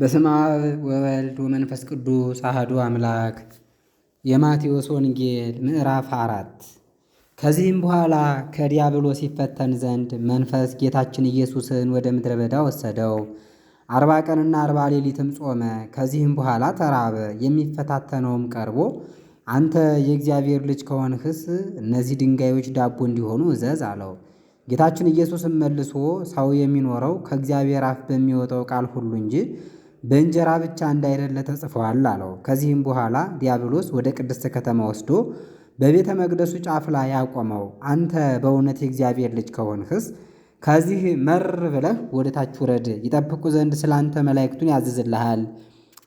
በስመ አብ ወወልድ ወመንፈስ ቅዱስ አህዱ አምላክ። የማቴዎስ ወንጌል ምዕራፍ አራት ከዚህም በኋላ ከዲያብሎስ ይፈተን ዘንድ መንፈስ ጌታችን ኢየሱስን ወደ ምድረ በዳ ወሰደው። አርባ ቀንና አርባ ሌሊትም ጾመ። ከዚህም በኋላ ተራበ። የሚፈታተነውም ቀርቦ አንተ የእግዚአብሔር ልጅ ከሆንህስ እነዚህ ድንጋዮች ዳቦ እንዲሆኑ እዘዝ አለው። ጌታችን ኢየሱስም መልሶ ሰው የሚኖረው ከእግዚአብሔር አፍ በሚወጣው ቃል ሁሉ እንጂ በእንጀራ ብቻ እንዳይደለ ተጽፏል አለው። ከዚህም በኋላ ዲያብሎስ ወደ ቅድስት ከተማ ወስዶ በቤተ መቅደሱ ጫፍ ላይ ያቆመው፣ አንተ በእውነት የእግዚአብሔር ልጅ ከሆንህስ ከዚህ መር ብለህ ወደ ታች ውረድ፣ ይጠብቁ ዘንድ ስለ አንተ መላእክቱን ያዝዝልሃል፣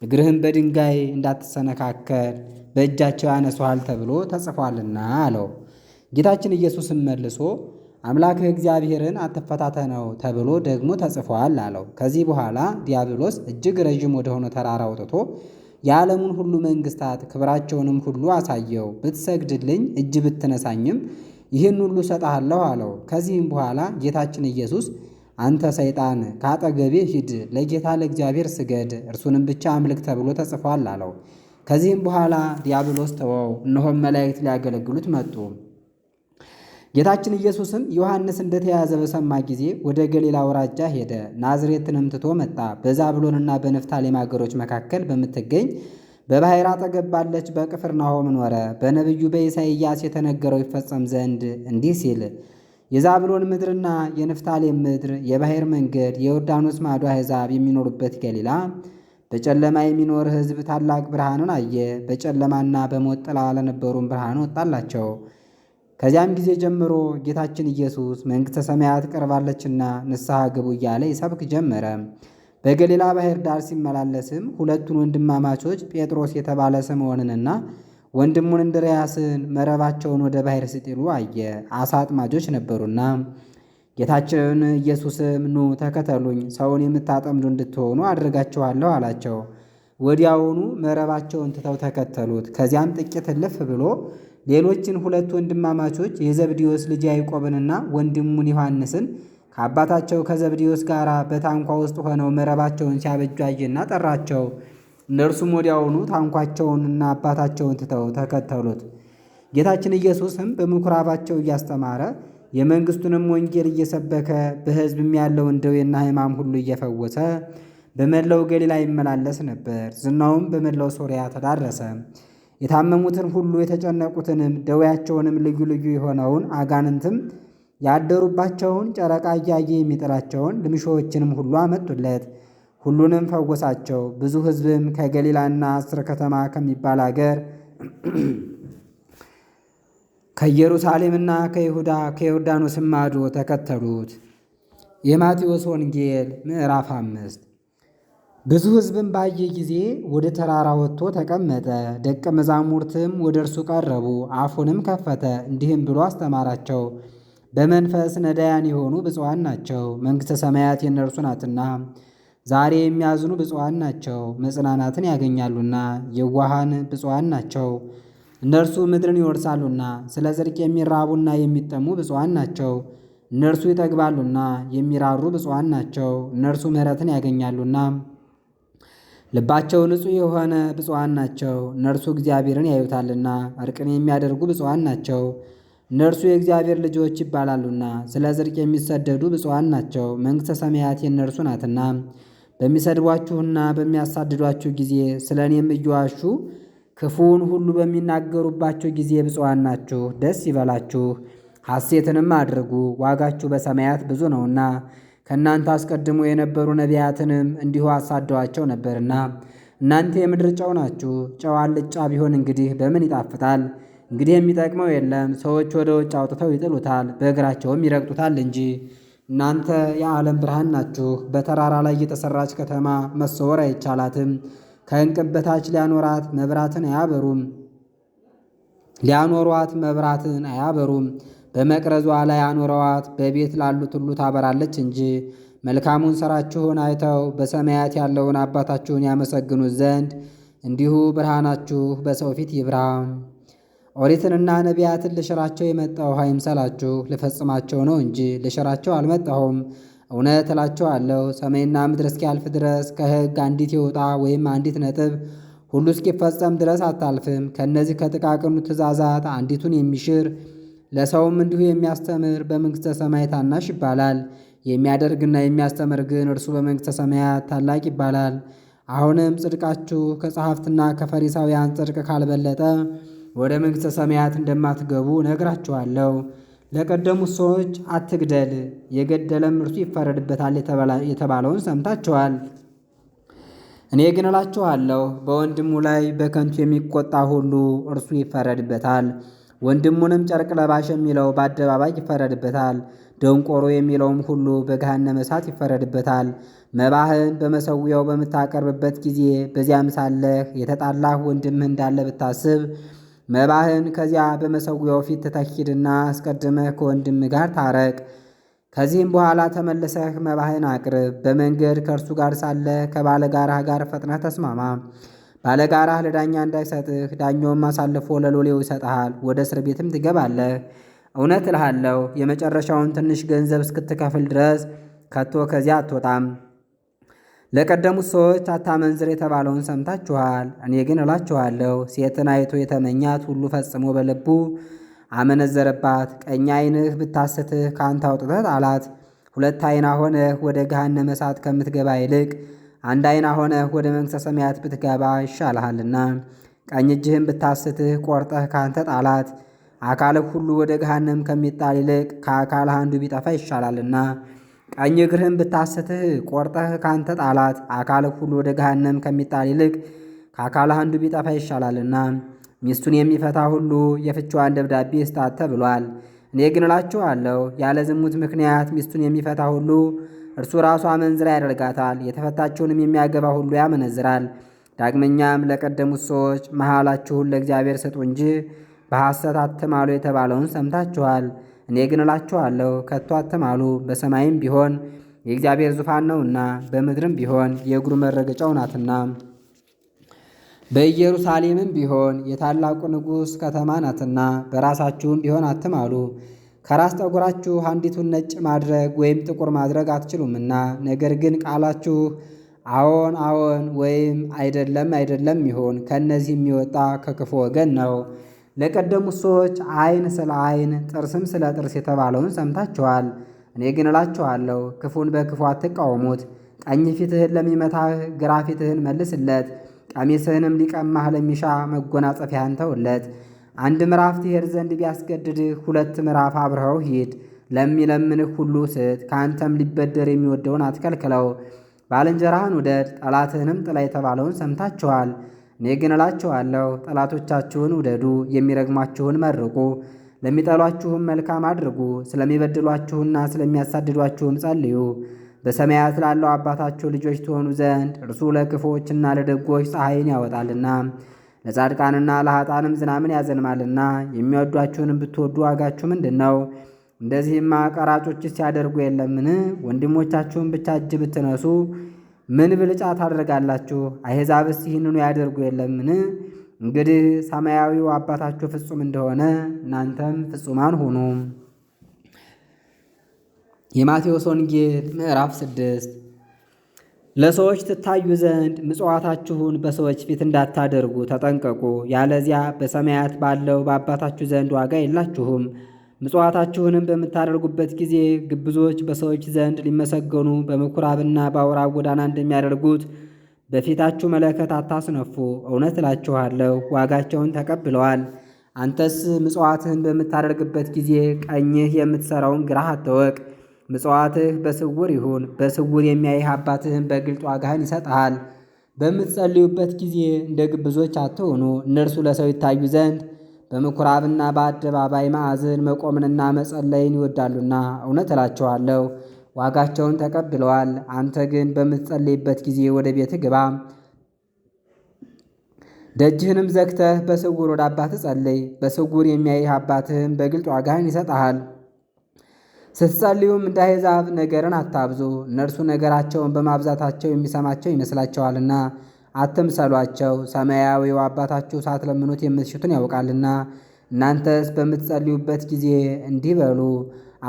እግርህም በድንጋይ እንዳትሰነካከል በእጃቸው ያነሱሃል ተብሎ ተጽፏልና አለው። ጌታችን ኢየሱስም መልሶ አምላክህ እግዚአብሔርን አትፈታተነው ተብሎ ደግሞ ተጽፏል አለው። ከዚህ በኋላ ዲያብሎስ እጅግ ረዥም ወደሆነ ተራራ ወጥቶ የዓለሙን ሁሉ መንግስታት ክብራቸውንም ሁሉ አሳየው። ብትሰግድልኝ እጅ ብትነሳኝም ይህን ሁሉ እሰጥሃለሁ አለው። ከዚህም በኋላ ጌታችን ኢየሱስ አንተ ሰይጣን ከአጠገቤ ሂድ፣ ለጌታ ለእግዚአብሔር ስገድ፣ እርሱንም ብቻ አምልክ ተብሎ ተጽፏል አለው። ከዚህም በኋላ ዲያብሎስ ተወው። እነሆም መላእክት ሊያገለግሉት መጡ። ጌታችን ኢየሱስም ዮሐንስ እንደተያዘ በሰማ ጊዜ ወደ ገሊላ አውራጃ ሄደ። ናዝሬትንም ትቶ መጣ። በዛብሎንና በንፍታሌም አገሮች መካከል በምትገኝ በባሕር አጠገብ ባለች በቅፍርናሆም ኖረ። በነቢዩ በኢሳይያስ የተነገረው ይፈጸም ዘንድ እንዲህ ሲል የዛብሎን ምድርና የንፍታሌም ምድር የባሕር መንገድ የዮርዳኖስ ማዶ አሕዛብ የሚኖሩበት ገሊላ በጨለማ የሚኖር ሕዝብ ታላቅ ብርሃንን አየ። በጨለማና በሞት ጥላ ለነበሩም ብርሃን ወጣላቸው። ከዚያም ጊዜ ጀምሮ ጌታችን ኢየሱስ መንግሥተ ሰማያት ቀርባለችና ንስሐ ግቡ እያለ ይሰብክ ጀመረ። በገሊላ ባሕር ዳር ሲመላለስም ሁለቱን ወንድማማቾች ጴጥሮስ የተባለ ስምዖንንና ወንድሙን እንድርያስን መረባቸውን ወደ ባሕር ሲጥሉ አየ። አሳ አጥማጆች ነበሩና። ጌታችን ኢየሱስም ኑ ተከተሉኝ፣ ሰውን የምታጠምዱ እንድትሆኑ አድርጋችኋለሁ አላቸው። ወዲያውኑ መረባቸውን ትተው ተከተሉት። ከዚያም ጥቂት እልፍ ብሎ ሌሎችን ሁለት ወንድማማቾች የዘብዴዎስ ልጅ ያዕቆብንና ወንድሙን ዮሐንስን ከአባታቸው ከዘብዴዎስ ጋር በታንኳ ውስጥ ሆነው መረባቸውን አየና ጠራቸው። እነርሱም ወዲያውኑ ታንኳቸውንና አባታቸውን ትተው ተከተሉት። ጌታችን ኢየሱስም በምኩራባቸው እያስተማረ የመንግሥቱንም ወንጌል እየሰበከ በሕዝብም ያለውን ደዌና ሕማም ሁሉ እየፈወሰ በመላው ገሊላ ይመላለስ ነበር። ዝናውም በመላው ሶርያ ተዳረሰ። የታመሙትን ሁሉ የተጨነቁትንም ደዌያቸውንም ልዩ ልዩ የሆነውን አጋንንትም ያደሩባቸውን ጨረቃ እያየ የሚጥላቸውን ልምሾዎችንም ሁሉ አመጡለት። ሁሉንም ፈወሳቸው። ብዙ ሕዝብም ከገሊላና አስር ከተማ ከሚባል አገር ከኢየሩሳሌምና ከይሁዳ ከዮርዳኖስም ማዶ ተከተሉት። የማቴዎስ ወንጌል ምዕራፍ አምስት ብዙ ሕዝብም ባየ ጊዜ ወደ ተራራ ወጥቶ ተቀመጠ። ደቀ መዛሙርትም ወደ እርሱ ቀረቡ፣ አፉንም ከፈተ፣ እንዲህም ብሎ አስተማራቸው። በመንፈስ ነዳያን የሆኑ ብፁዓን ናቸው፣ መንግሥተ ሰማያት የእነርሱ ናትና። ዛሬ የሚያዝኑ ብፁዓን ናቸው፣ መጽናናትን ያገኛሉና። የዋሃን ብፁዓን ናቸው፣ እነርሱ ምድርን ይወርሳሉና። ስለ ጽድቅ የሚራቡና የሚጠሙ ብፁዓን ናቸው፣ እነርሱ ይጠግባሉና። የሚራሩ ብፁዓን ናቸው፣ እነርሱ ምሕረትን ያገኛሉና። ልባቸው ንጹሕ የሆነ ብፁዓን ናቸው፣ እነርሱ እግዚአብሔርን ያዩታልና። እርቅን የሚያደርጉ ብፁዓን ናቸው፣ እነርሱ የእግዚአብሔር ልጆች ይባላሉና። ስለ ጽድቅ የሚሰደዱ ብፁዓን ናቸው፣ መንግሥተ ሰማያት የእነርሱ ናትና። በሚሰድቧችሁና በሚያሳድዷችሁ ጊዜ ስለ እኔም እየዋሹ ክፉውን ሁሉ በሚናገሩባቸው ጊዜ ብፁዓን ናችሁ፣ ደስ ይበላችሁ፣ ሐሴትንም አድርጉ፣ ዋጋችሁ በሰማያት ብዙ ነውና ከእናንተ አስቀድሞ የነበሩ ነቢያትንም እንዲሁ አሳደዋቸው ነበርና እናንተ የምድር ጨው ናችሁ። ጨው አልጫ ቢሆን እንግዲህ በምን ይጣፍጣል? እንግዲህ የሚጠቅመው የለም። ሰዎች ወደ ውጭ አውጥተው ይጥሉታል፣ በእግራቸውም ይረግጡታል እንጂ እናንተ የዓለም ብርሃን ናችሁ። በተራራ ላይ የተሰራች ከተማ መሰወር አይቻላትም። ከእንቅብ በታች ሊያኖራት መብራትን አያበሩም ሊያኖሯት መብራትን አያበሩም። በመቅረዟ ላይ አኖረዋት በቤት ላሉት ሁሉ ታበራለች እንጂ መልካሙን ሥራችሁን አይተው በሰማያት ያለውን አባታችሁን ያመሰግኑት ዘንድ እንዲሁ ብርሃናችሁ በሰው ፊት ይብራ። ኦሪትንና ነቢያትን ልሽራቸው የመጣው አይምሰላችሁ፣ ልፈጽማቸው ነው እንጂ ልሽራቸው አልመጣሁም። እውነት እላችኋለሁ ሰማይና ምድር እስኪያልፍ ድረስ ከሕግ አንዲት የውጣ ወይም አንዲት ነጥብ ሁሉ እስኪፈጸም ድረስ አታልፍም። ከእነዚህ ከጥቃቅኑ ትእዛዛት አንዲቱን የሚሽር ለሰውም እንዲሁ የሚያስተምር በመንግሥተ ሰማይ ታናሽ ይባላል። የሚያደርግና የሚያስተምር ግን እርሱ በመንግሥተ ሰማያት ታላቅ ይባላል። አሁንም ጽድቃችሁ ከጸሐፍትና ከፈሪሳውያን ጽድቅ ካልበለጠ ወደ መንግሥተ ሰማያት እንደማትገቡ ነግራችኋለሁ። ለቀደሙት ሰዎች አትግደል፣ የገደለም እርሱ ይፈረድበታል የተባለውን ሰምታችኋል። እኔ ግን እላችኋለሁ በወንድሙ ላይ በከንቱ የሚቆጣ ሁሉ እርሱ ይፈረድበታል። ወንድሙንም ጨርቅ ለባሽ የሚለው በአደባባይ ይፈረድበታል። ደንቆሮ የሚለውም ሁሉ በገሃነመ እሳት ይፈረድበታል። መባህን በመሰዊያው በምታቀርብበት ጊዜ በዚያም ሳለህ የተጣላህ ወንድምህ እንዳለ ብታስብ መባህን ከዚያ በመሰዊያው ፊት ተተኪድና አስቀድመህ ከወንድም ጋር ታረቅ። ከዚህም በኋላ ተመልሰህ መባህን አቅርብ። በመንገድ ከእርሱ ጋር ሳለህ ከባለ ጋር ፈጥነህ ተስማማ። ባለጋራህ ለዳኛ እንዳይሰጥህ፣ ዳኛውም አሳልፎ ለሎሌው ይሰጥሃል፣ ወደ እስር ቤትም ትገባለህ። እውነት እልሃለሁ የመጨረሻውን ትንሽ ገንዘብ እስክትከፍል ድረስ ከቶ ከዚያ አትወጣም። ለቀደሙት ሰዎች አታመንዝር የተባለውን ሰምታችኋል። እኔ ግን እላችኋለሁ ሴትን አይቶ የተመኛት ሁሉ ፈጽሞ በልቡ አመነዘረባት። ቀኝ ዓይንህ ብታስትህ ከአንተ አውጥተህ ጣላት። ሁለት ዓይና ሆነህ ወደ ገሃነመ እሳት ከምትገባ ይልቅ አንድ ዓይና ሆነህ ወደ መንግሥተ ሰማያት ብትገባ ይሻልሃልና ቀኝ እጅህን ብታስትህ ቆርጠህ ካንተ ጣላት። አካልህ ሁሉ ወደ ገሃነም ከሚጣል ይልቅ ከአካልህ አንዱ ቢጠፋ ይሻላልና። ቀኝ እግርህን ብታስትህ ቆርጠህ ካንተ ጣላት። አካልህ ሁሉ ወደ ገሃነም ከሚጣል ይልቅ ከአካልህ አንዱ ቢጠፋ ይሻላልና። ሚስቱን የሚፈታ ሁሉ የፍችዋን ደብዳቤ ይስጣት ተብሏል። እኔ ግን እላችኋለሁ ያለ ዝሙት ምክንያት ሚስቱን የሚፈታ ሁሉ እርሱ ራሱ አመንዝራ ያደርጋታል። የተፈታችውንም የሚያገባ ሁሉ ያመነዝራል። ዳግመኛም ለቀደሙት ሰዎች መሐላችሁን ለእግዚአብሔር ስጡ እንጂ በሐሰት አትማሉ የተባለውን ሰምታችኋል። እኔ ግን እላችኋለሁ ከቶ አትማሉ። በሰማይም ቢሆን የእግዚአብሔር ዙፋን ነውና፣ በምድርም ቢሆን የእግሩ መረገጫው ናትና፣ በኢየሩሳሌምም ቢሆን የታላቁ ንጉሥ ከተማ ናትና፣ በራሳችሁም ቢሆን አትማሉ። ከራስ ጠጉራችሁ አንዲቱን ነጭ ማድረግ ወይም ጥቁር ማድረግ አትችሉምና፣ ነገር ግን ቃላችሁ አዎን አዎን ወይም አይደለም አይደለም ይሆን ከእነዚህ የሚወጣ ከክፉ ወገን ነው። ለቀደሙት ሰዎች አይን ስለ አይን ጥርስም ስለ ጥርስ የተባለውን ሰምታችኋል። እኔ ግን እላችኋለሁ ክፉን በክፉ አትቃወሙት። ቀኝ ፊትህን ለሚመታህ ግራ ፊትህን መልስለት። ቀሚስህንም ሊቀማህ ለሚሻ መጎናጸፊያህን ተውለት። አንድ ምዕራፍ ትሄድ ዘንድ ቢያስገድድህ ሁለት ምዕራፍ አብረኸው ሂድ። ለሚለምንህ ሁሉ ስጥ፣ ከአንተም ሊበደር የሚወደውን አትከልክለው። ባልንጀራህን ውደድ፣ ጠላትህንም ጥላ የተባለውን ሰምታችኋል። እኔ ግን እላችኋለሁ ጠላቶቻችሁን ውደዱ፣ የሚረግማችሁን መርቁ፣ ለሚጠሏችሁም መልካም አድርጉ፣ ስለሚበድሏችሁና ስለሚያሳድዷችሁም ጸልዩ። በሰማያት ላለው አባታችሁ ልጆች ትሆኑ ዘንድ እርሱ ለክፎችና ለደጎች ፀሐይን ያወጣልና ለጻድቃንና ለኃጣንም ዝናምን ያዘንማልና የሚወዷችሁንም ብትወዱ ዋጋችሁ ምንድን ነው? እንደዚህማ ቀራጮች ሲያደርጉ የለምን? ወንድሞቻችሁን ብቻ እጅ ብትነሱ ምን ብልጫ ታደርጋላችሁ? አሕዛብስ ይህንኑ ያደርጉ የለምን? እንግዲህ ሰማያዊው አባታችሁ ፍጹም እንደሆነ እናንተም ፍጹማን ሁኑ። የማቴዎስ ወንጌል ምዕራፍ ስድስት ለሰዎች ትታዩ ዘንድ ምጽዋታችሁን በሰዎች ፊት እንዳታደርጉ ተጠንቀቁ፣ ያለዚያ በሰማያት ባለው በአባታችሁ ዘንድ ዋጋ የላችሁም። ምጽዋታችሁንም በምታደርጉበት ጊዜ ግብዞች በሰዎች ዘንድ ሊመሰገኑ በምኩራብና በአውራ ጎዳና እንደሚያደርጉት በፊታችሁ መለከት አታስነፉ። እውነት እላችኋለሁ ዋጋቸውን ተቀብለዋል። አንተስ ምጽዋትህን በምታደርግበት ጊዜ ቀኝህ የምትሠራውን ግራህ አትወቅ ምጽዋትህ በስውር ይሁን፣ በስውር የሚያይህ አባትህን በግልጥ ዋጋህን ይሰጥሃል። በምትጸልዩበት ጊዜ እንደ ግብዞች አትሆኑ፣ እነርሱ ለሰው ይታዩ ዘንድ በምኩራብና በአደባባይ ማዕዝን መቆምንና መጸለይን ይወዳሉና፣ እውነት እላቸዋለሁ ዋጋቸውን ተቀብለዋል። አንተ ግን በምትጸልይበት ጊዜ ወደ ቤት ግባ፣ ደጅህንም ዘግተህ በስውር ወደ አባትህ ጸልይ። በስውር የሚያይህ አባትህም በግልጥ ዋጋህን ይሰጠሃል። ስትጸልዩም እንደ አሕዛብ ነገርን አታብዙ፣ እነርሱ ነገራቸውን በማብዛታቸው የሚሰማቸው ይመስላቸዋልና። አትምሰሏቸው፣ ሰማያዊው አባታችሁ ሳትለምኑት የምትሹትን ያውቃልና። እናንተስ በምትጸልዩበት ጊዜ እንዲህ በሉ።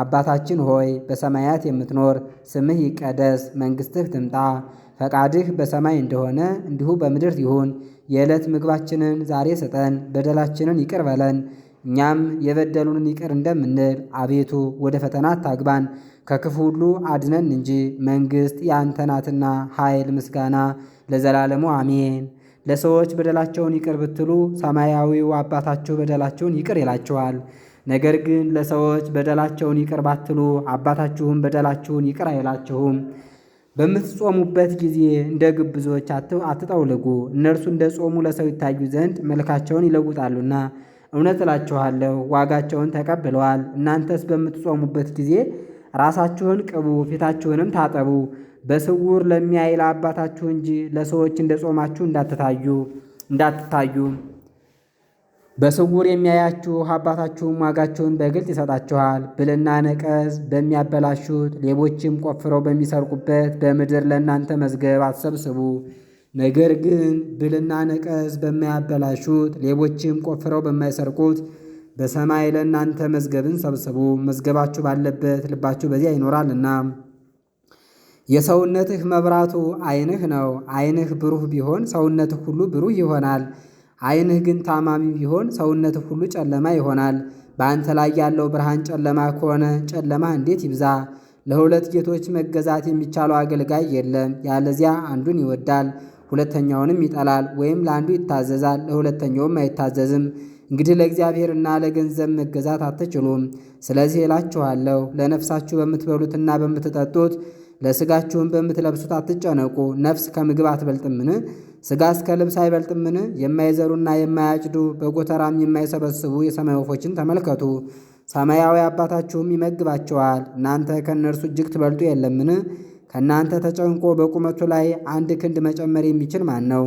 አባታችን ሆይ በሰማያት የምትኖር ስምህ ይቀደስ፣ መንግሥትህ ትምጣ፣ ፈቃድህ በሰማይ እንደሆነ እንዲሁ በምድር ይሁን። የዕለት ምግባችንን ዛሬ ስጠን፣ በደላችንን ይቅር በለን እኛም የበደሉንን ይቅር እንደምንል አቤቱ ወደ ፈተና አታግባን፣ ከክፉ ሁሉ አድነን እንጂ መንግሥት ያንተ ናትና ኃይል፣ ምስጋና ለዘላለሙ አሜን። ለሰዎች በደላቸውን ይቅር ብትሉ ሰማያዊው አባታችሁ በደላቸውን ይቅር ይላችኋል። ነገር ግን ለሰዎች በደላቸውን ይቅር ባትሉ አባታችሁም በደላችሁን ይቅር አይላችሁም። በምትጾሙበት ጊዜ እንደ ግብዞች አትጠውልጉ፣ እነርሱ እንደ ጾሙ ለሰው ይታዩ ዘንድ መልካቸውን ይለውጣሉና እውነት እላችኋለሁ ዋጋቸውን ተቀብለዋል። እናንተስ በምትጾሙበት ጊዜ ራሳችሁን ቅቡ፣ ፊታችሁንም ታጠቡ፣ በስውር ለሚያይ ለአባታችሁ እንጂ ለሰዎች እንደ ጾማችሁ እንዳትታዩ እንዳትታዩ በስውር የሚያያችሁ አባታችሁም ዋጋችሁን በግልጥ ይሰጣችኋል። ብልና ነቀዝ በሚያበላሹት ሌቦችም ቆፍረው በሚሰርቁበት በምድር ለእናንተ መዝገብ አትሰብስቡ። ነገር ግን ብልና ነቀዝ በማያበላሹት ሌቦችም ቆፍረው በማይሰርቁት በሰማይ ለእናንተ መዝገብን ሰብስቡ፣ መዝገባችሁ ባለበት ልባችሁ በዚያ ይኖራልና። የሰውነትህ መብራቱ ዓይንህ ነው። ዓይንህ ብሩህ ቢሆን ሰውነትህ ሁሉ ብሩህ ይሆናል። ዓይንህ ግን ታማሚ ቢሆን ሰውነትህ ሁሉ ጨለማ ይሆናል። በአንተ ላይ ያለው ብርሃን ጨለማ ከሆነ ጨለማ እንዴት ይብዛ! ለሁለት ጌቶች መገዛት የሚቻለው አገልጋይ የለም፣ ያለዚያ አንዱን ይወዳል ሁለተኛውንም ይጠላል፣ ወይም ለአንዱ ይታዘዛል፣ ለሁለተኛውም አይታዘዝም። እንግዲህ ለእግዚአብሔርና ለገንዘብ መገዛት አትችሉም። ስለዚህ እላችኋለሁ ለነፍሳችሁ በምትበሉትና በምትጠጡት ለስጋችሁም በምትለብሱት አትጨነቁ። ነፍስ ከምግብ አትበልጥምን? ስጋ እስከ ልብስ አይበልጥምን? የማይዘሩና የማያጭዱ በጎተራም የማይሰበስቡ የሰማይ ወፎችን ተመልከቱ። ሰማያዊ አባታችሁም ይመግባቸዋል። እናንተ ከእነርሱ እጅግ ትበልጡ የለምን? ከእናንተ ተጨንቆ በቁመቱ ላይ አንድ ክንድ መጨመር የሚችል ማን ነው?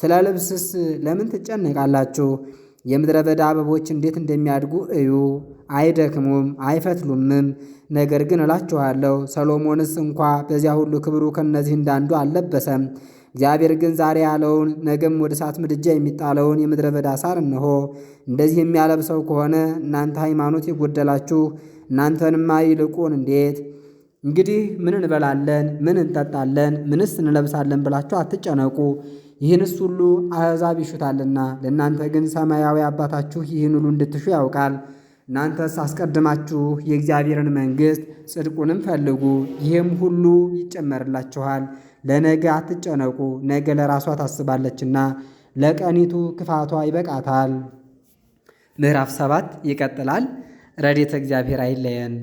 ስለ ልብስስ ለምን ትጨነቃላችሁ? የምድረ በዳ አበቦች እንዴት እንደሚያድጉ እዩ። አይደክሙም፣ አይፈትሉምም። ነገር ግን እላችኋለሁ ሰሎሞንስ እንኳ በዚያ ሁሉ ክብሩ ከእነዚህ እንዳንዱ አልለበሰም። እግዚአብሔር ግን ዛሬ ያለውን ነገም ወደ እሳት ምድጃ የሚጣለውን የምድረ በዳ ሳር እነሆ እንደዚህ የሚያለብሰው ከሆነ እናንተ ሃይማኖት የጎደላችሁ እናንተንማ ይልቁን እንዴት እንግዲህ ምን እንበላለን፣ ምን እንጠጣለን፣ ምንስ እንለብሳለን ብላችሁ አትጨነቁ፣ ይህንስ ሁሉ አሕዛብ ይሹታልና። ለእናንተ ግን ሰማያዊ አባታችሁ ይህን ሁሉ እንድትሹ ያውቃል። እናንተስ አስቀድማችሁ የእግዚአብሔርን መንግሥት ጽድቁንም ፈልጉ፣ ይህም ሁሉ ይጨመርላችኋል። ለነገ አትጨነቁ፣ ነገ ለራሷ ታስባለችና ለቀኒቱ ክፋቷ ይበቃታል። ምዕራፍ ሰባት ይቀጥላል። ረድኤተ እግዚአብሔር አይለየን።